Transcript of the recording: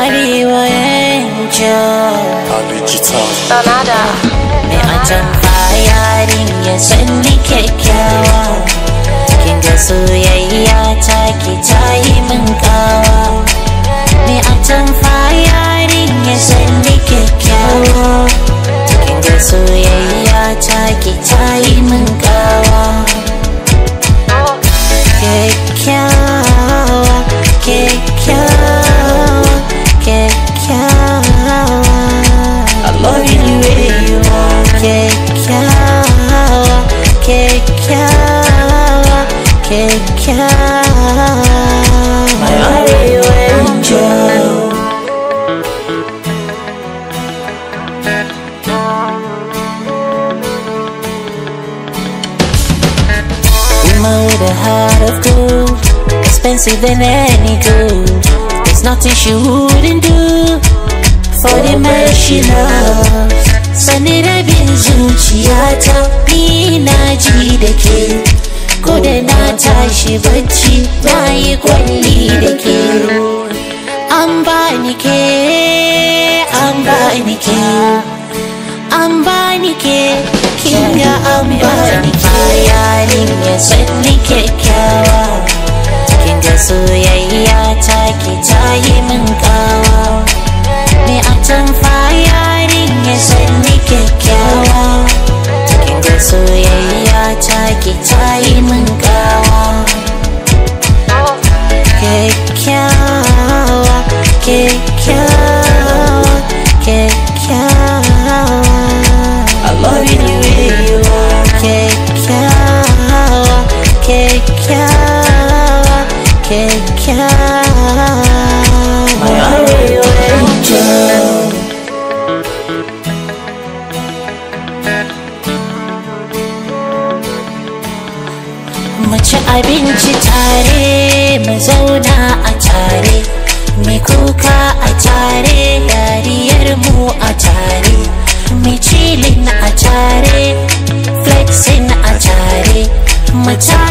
arewa yankin sanada, me ajan bayarin ya salli kyakkyawa My angel. Woman with a heart of gold, expensive than any gold. There's nothing she wouldn't do for the man she loves. Sunday, I've been da ko da na tashi bacci na yi kwalli da ke an ba ni ke an ba ni ke an ba ni ke kinga an ba ni ke ya sanni kyakkyawa kinga soyayya ta ki tayi yi min kyakkyawa mu ci abinci tare mu zauna a tare mu kuka a tare dariyar mu a tare mu cilin a tare flexing a tare mu